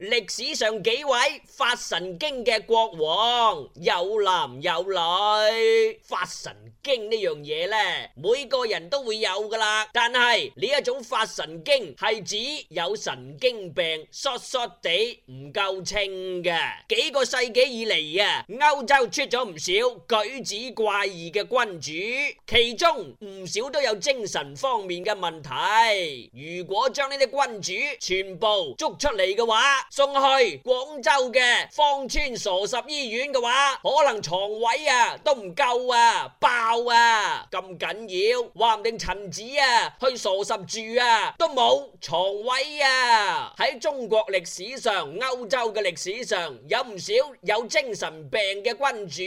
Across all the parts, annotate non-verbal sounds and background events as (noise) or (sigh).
歷史上幾位發神經嘅國王，有男有女。發神經呢樣嘢呢，每個人都會有噶啦。但係呢一種發神經係指有神經病，索索地唔夠秤嘅。幾個世紀以嚟啊，歐洲出咗唔少舉止怪異嘅君主，其中唔少都有精神方面嘅問題。如果將呢啲君主全部捉出嚟嘅話，送去廣州嘅芳村傻十醫院嘅話，可能床位啊都唔夠啊爆啊！咁緊要，話唔定陳子啊去傻十住啊都冇床位啊！喺中國歷史上、歐洲嘅歷史上，有唔少有精神病嘅君主。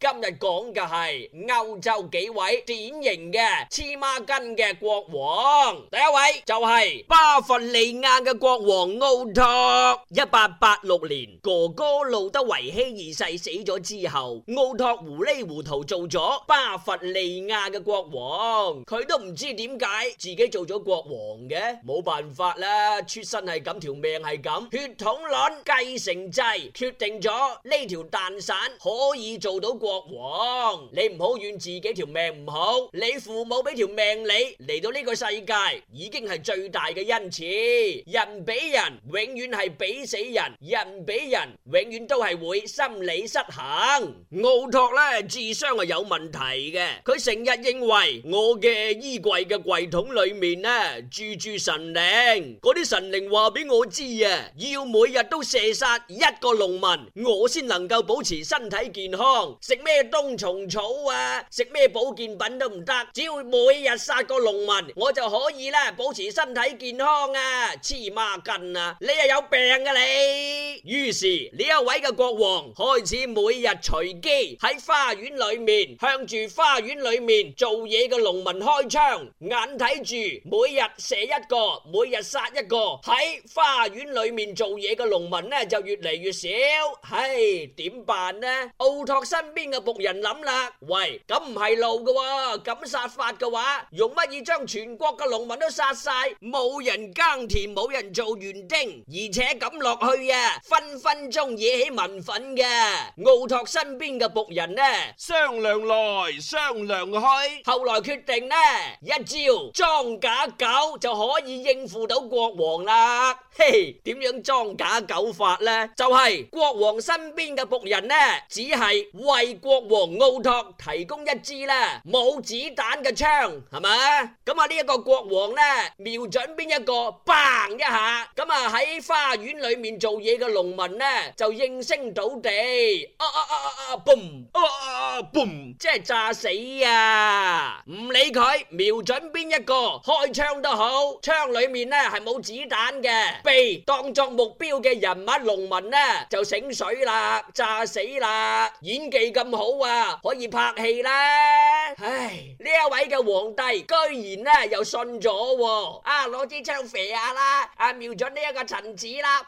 今日講嘅係歐洲幾位典型嘅黐孖筋嘅國王。第一位就係巴伐利亞嘅國王奧托。一八八六年，哥哥路德維希二世死咗之後，奧托糊里糊塗做咗巴伐利亞嘅國王。佢都唔知點解自己做咗國王嘅，冇辦法啦。出身係咁，條命係咁，血統論、繼承制決定咗呢條蛋散可以做到國王。你唔好怨自己條命唔好，你父母俾條命你嚟到呢個世界，已經係最大嘅恩賜。人比人，永遠係比。死人，人比人，永遠都係會心理失衡。奧托咧，智商係有問題嘅，佢成日認為，我嘅衣櫃嘅櫃桶裏面呢住住神靈，嗰啲神靈話俾我知啊，要每日都射殺一個農民，我先能夠保持身體健康。食咩冬蟲草啊，食咩保健品都唔得，只要每日殺個農民，我就可以啦，保持身體健康啊！黐孖筋啊，你又有病。嘅你，於是呢一位嘅國王開始每日隨機喺花園裏面向住花園裏面做嘢嘅農民開槍，眼睇住每日射一個，每日殺一個喺花園裏面做嘢嘅農民呢就越嚟越少。唉，點辦呢？奧托身邊嘅僕人諗啦，喂，咁唔係路嘅，咁殺法嘅話，用乜嘢將全國嘅農民都殺晒，冇人耕田，冇人做園丁，而且咁。咁落去啊，分分鐘惹起民憤嘅。奧托身邊嘅僕人呢，商量來商量去，後來決定呢，一招裝假狗就可以應付到國王啦。嘿，點樣裝假狗法呢？就係國王身邊嘅僕人呢，只係為國王奧托提供一支呢冇子彈嘅槍，係咪啊？咁啊呢一個國王呢，瞄準邊一個，嘣一下，咁啊喺花園裏面做嘢嘅農民咧，就應聲倒地。啊啊啊啊啊，boom！啊啊啊 boom！即係炸死啊！唔理佢，瞄準邊一個開槍都好，槍裏面咧係冇子彈嘅。被當作目標嘅人物農民咧就醒水啦，炸死啦！演技咁好啊，可以拍戲啦。唉，呢一位嘅皇帝居然咧又信咗喎。啊，攞支槍射下啦，啊瞄準呢一個臣子啦。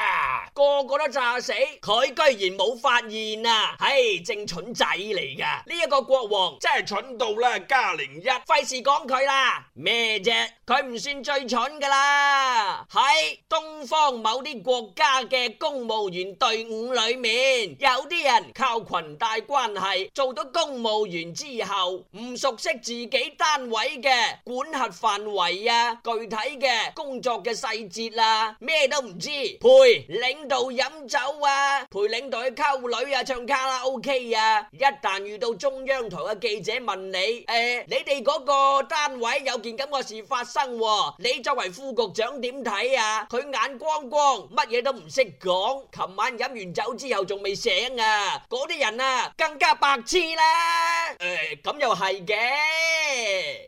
個個都炸死，佢居然冇發現啊！嘿，正蠢仔嚟噶，呢、這、一個國王真係蠢到咧加零一，費事講佢啦咩啫？佢唔算最蠢噶啦，喺東方某啲國家嘅公務員隊伍裏面，有啲人靠裙帶關係做到公務員之後，唔熟悉自己單位嘅管轄範圍啊，具體嘅工作嘅細節啦、啊，咩都唔知，配。領導飲酒啊，陪領導去溝女啊，唱卡拉 OK 啊。一旦遇到中央台嘅記者問你，誒，你哋嗰個單位有件咁嘅事發生，你作為副局長點睇啊？佢眼光光，乜嘢都唔識講。琴晚飲完酒之後仲未醒啊！嗰啲人啊，更加白痴啦。誒，咁又係嘅。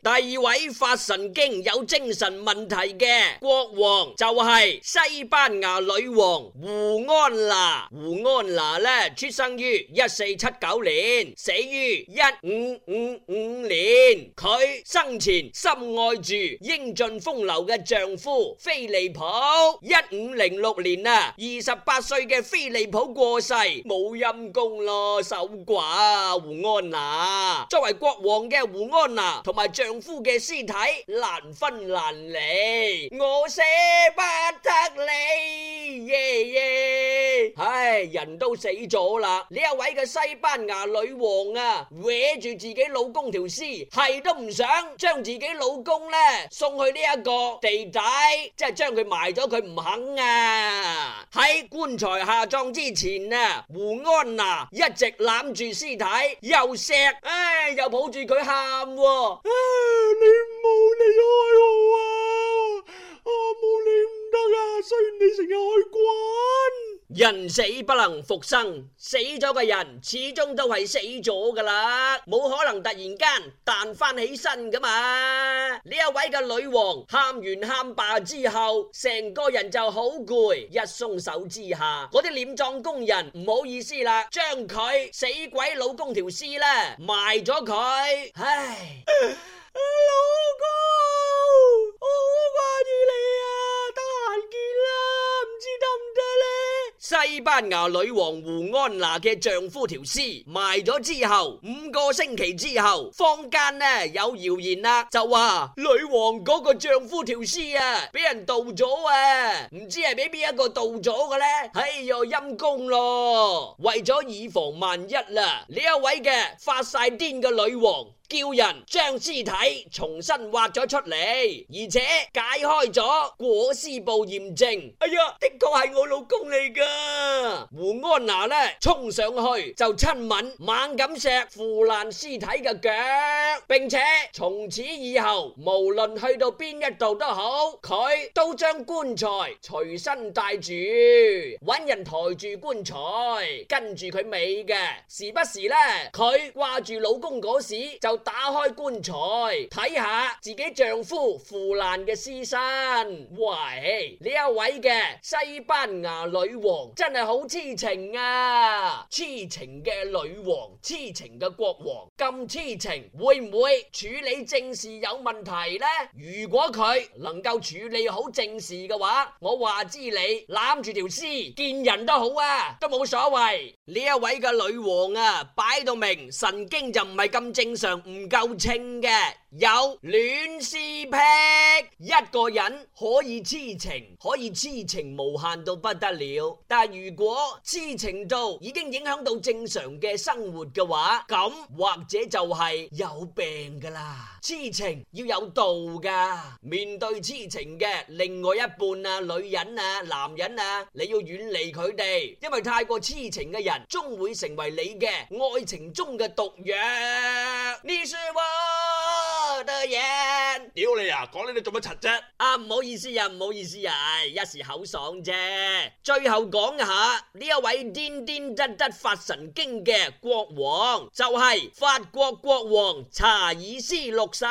第二位發神經、有精神問題嘅國王，就係西班牙女王。胡安娜，胡安娜咧，出生於一四七九年，死於一五五五年。佢生前深愛住英俊風流嘅丈夫菲利普。一五零六年啊，二十八歲嘅菲利普過世，冇陰功咯，守寡胡安娜。作為國王嘅胡安娜同埋丈夫嘅屍體難分難離，我捨不得你。唉、哎，人都死咗啦。呢一位嘅西班牙女王啊，搲住自己老公條屍，係都唔想將自己老公呢送去呢一個地底，即係將佢埋咗，佢唔肯啊！喺棺材下葬之前啊，胡安娜、啊、一直攬住屍體，又錫唉、哎，又抱住佢喊，啊，哎，你冇。人死不能復生，死咗嘅人始終都係死咗噶啦，冇可能突然間彈翻起身噶嘛。呢一位嘅女王喊完喊罷之後，成個人就好攰，一鬆手之下，嗰啲殮葬工人唔好意思啦，將佢死鬼老公條屍呢埋咗佢，唉， (laughs) 老公。西班牙女王胡安娜嘅丈夫條屍埋咗之後，五個星期之後，坊間呢有謠言啦、啊，就話女王嗰個丈夫條屍啊，俾人盜咗啊，唔知係俾邊一個盜咗嘅呢？哎喲，陰功咯，為咗以防萬一啦，呢一位嘅發晒癲嘅女王。叫人將屍體重新挖咗出嚟，而且解開咗裹屍布驗證。哎呀，的確係我老公嚟噶。胡安娜咧，衝上去就親吻猛咁錫腐爛屍體嘅腳，並且從此以後無論去到邊一度都好，佢都將棺材隨身帶住，搵人抬住棺材跟住佢尾嘅。時不時咧，佢掛住老公嗰時就。打開棺材，睇下自己丈夫腐爛嘅屍身。喂，呢位嘅西班牙女王真係好痴情啊！痴情嘅女王，痴情嘅國王，咁痴情會唔會處理正事有問題呢？如果佢能夠處理好正事嘅話，我話知你攬住條屍見人都好啊，都冇所謂。呢位嘅女王啊，擺到明，神經就唔係咁正常。唔夠稱嘅有戀屍癖，一個人可以痴情，可以痴情無限到不得了。但如果痴情到已經影響到正常嘅生活嘅話，咁或者就係有病噶啦。痴情要有度噶，面對痴情嘅另外一半啊，女人啊，男人啊，你要遠離佢哋，因為太過痴情嘅人，終會成為你嘅愛情中嘅毒藥。你是我的眼。屌你 (music) 啊！講呢你做乜柒啫？啊，唔好意思啊，唔好意思啊，一時口爽啫。最後講下呢一位顛顛質質發神經嘅國王，就係、是、法國國王查爾斯六世。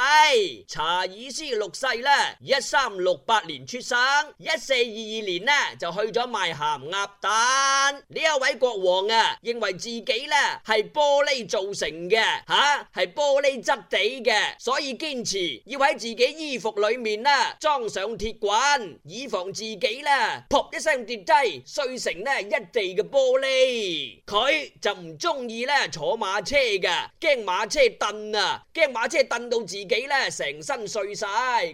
查爾斯六世啦，一三六八年出生，一四二二年呢就去咗賣咸鴨蛋。呢一位國王啊，認為自己呢係玻璃造成嘅吓，係、啊、玻。玻璃質地嘅，所以堅持要喺自己衣服裏面啦，裝上鐵棍，以防自己啦，撲一聲跌低，碎成咧一地嘅玻璃。佢就唔中意咧坐馬車嘅，驚馬車蹬啊，驚馬車蹬到自己咧成身碎晒。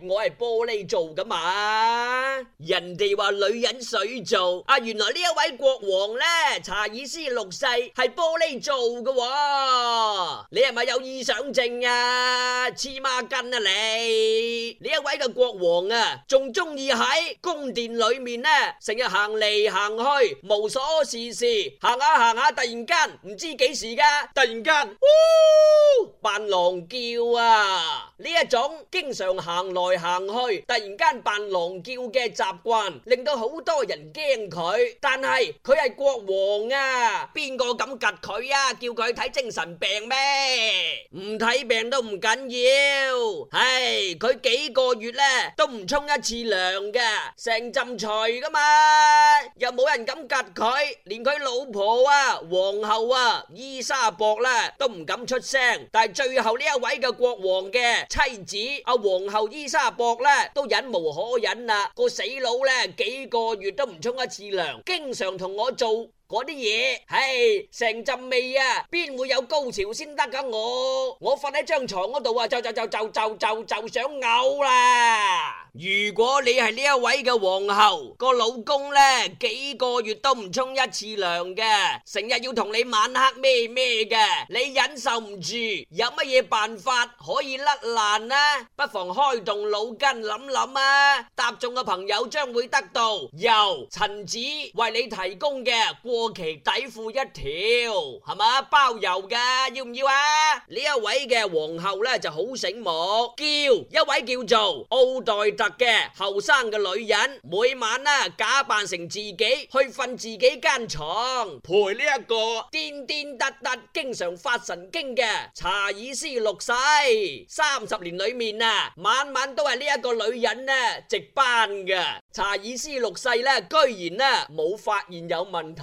我係玻璃做噶嘛，人哋話女人水做，啊，原來呢一位國王咧查爾斯六世係玻璃做噶，你係咪有意想？正啊，黐孖筋啊你！你呢一位嘅國王啊，仲中意喺宮殿裏面呢、啊，成日行嚟行去，無所事事，行下、啊、行下、啊，突然間唔知幾時噶，突然間，嗚，扮狼叫啊！呢一種經常行來行去，突然間扮狼叫嘅習慣，令到好多人驚佢。但係佢係國王啊，邊個敢及佢啊？叫佢睇精神病咩？唔。睇病都唔緊要，唉，佢幾個月咧，都唔沖一次涼嘅，成浸除噶嘛，又冇人敢夾佢，連佢老婆啊、皇后啊伊莎伯啦，都唔敢出聲。但係最後呢一位嘅國王嘅妻子阿皇后伊莎伯咧，都忍無可忍啦，個死佬咧，幾個月都唔沖一次涼，經常同我做。嗰啲嘢係成陣味啊，邊會有高潮先得噶？我我瞓喺張床嗰度啊，就就就就就就就想嘔啦！如果你係呢一位嘅皇后，個老公呢幾個月都唔沖一次涼嘅，成日要同你晚黑咩咩嘅，你忍受唔住，有乜嘢辦法可以甩爛呢？不妨開動腦筋諗諗啊！答中嘅朋友將會得到由陳子為你提供嘅過過期底褲一條，係咪包郵噶，要唔要啊？呢一位嘅皇后咧就好醒目，叫一位叫做奧黛特嘅後生嘅女人，每晚呢假扮成自己去瞓自己間床，陪呢、這、一個癲癲突突、經常發神經嘅查爾斯六世。三十年裏面啊，晚晚都係呢一個女人呢值班嘅。查爾斯六世呢，居然呢冇發現有問題。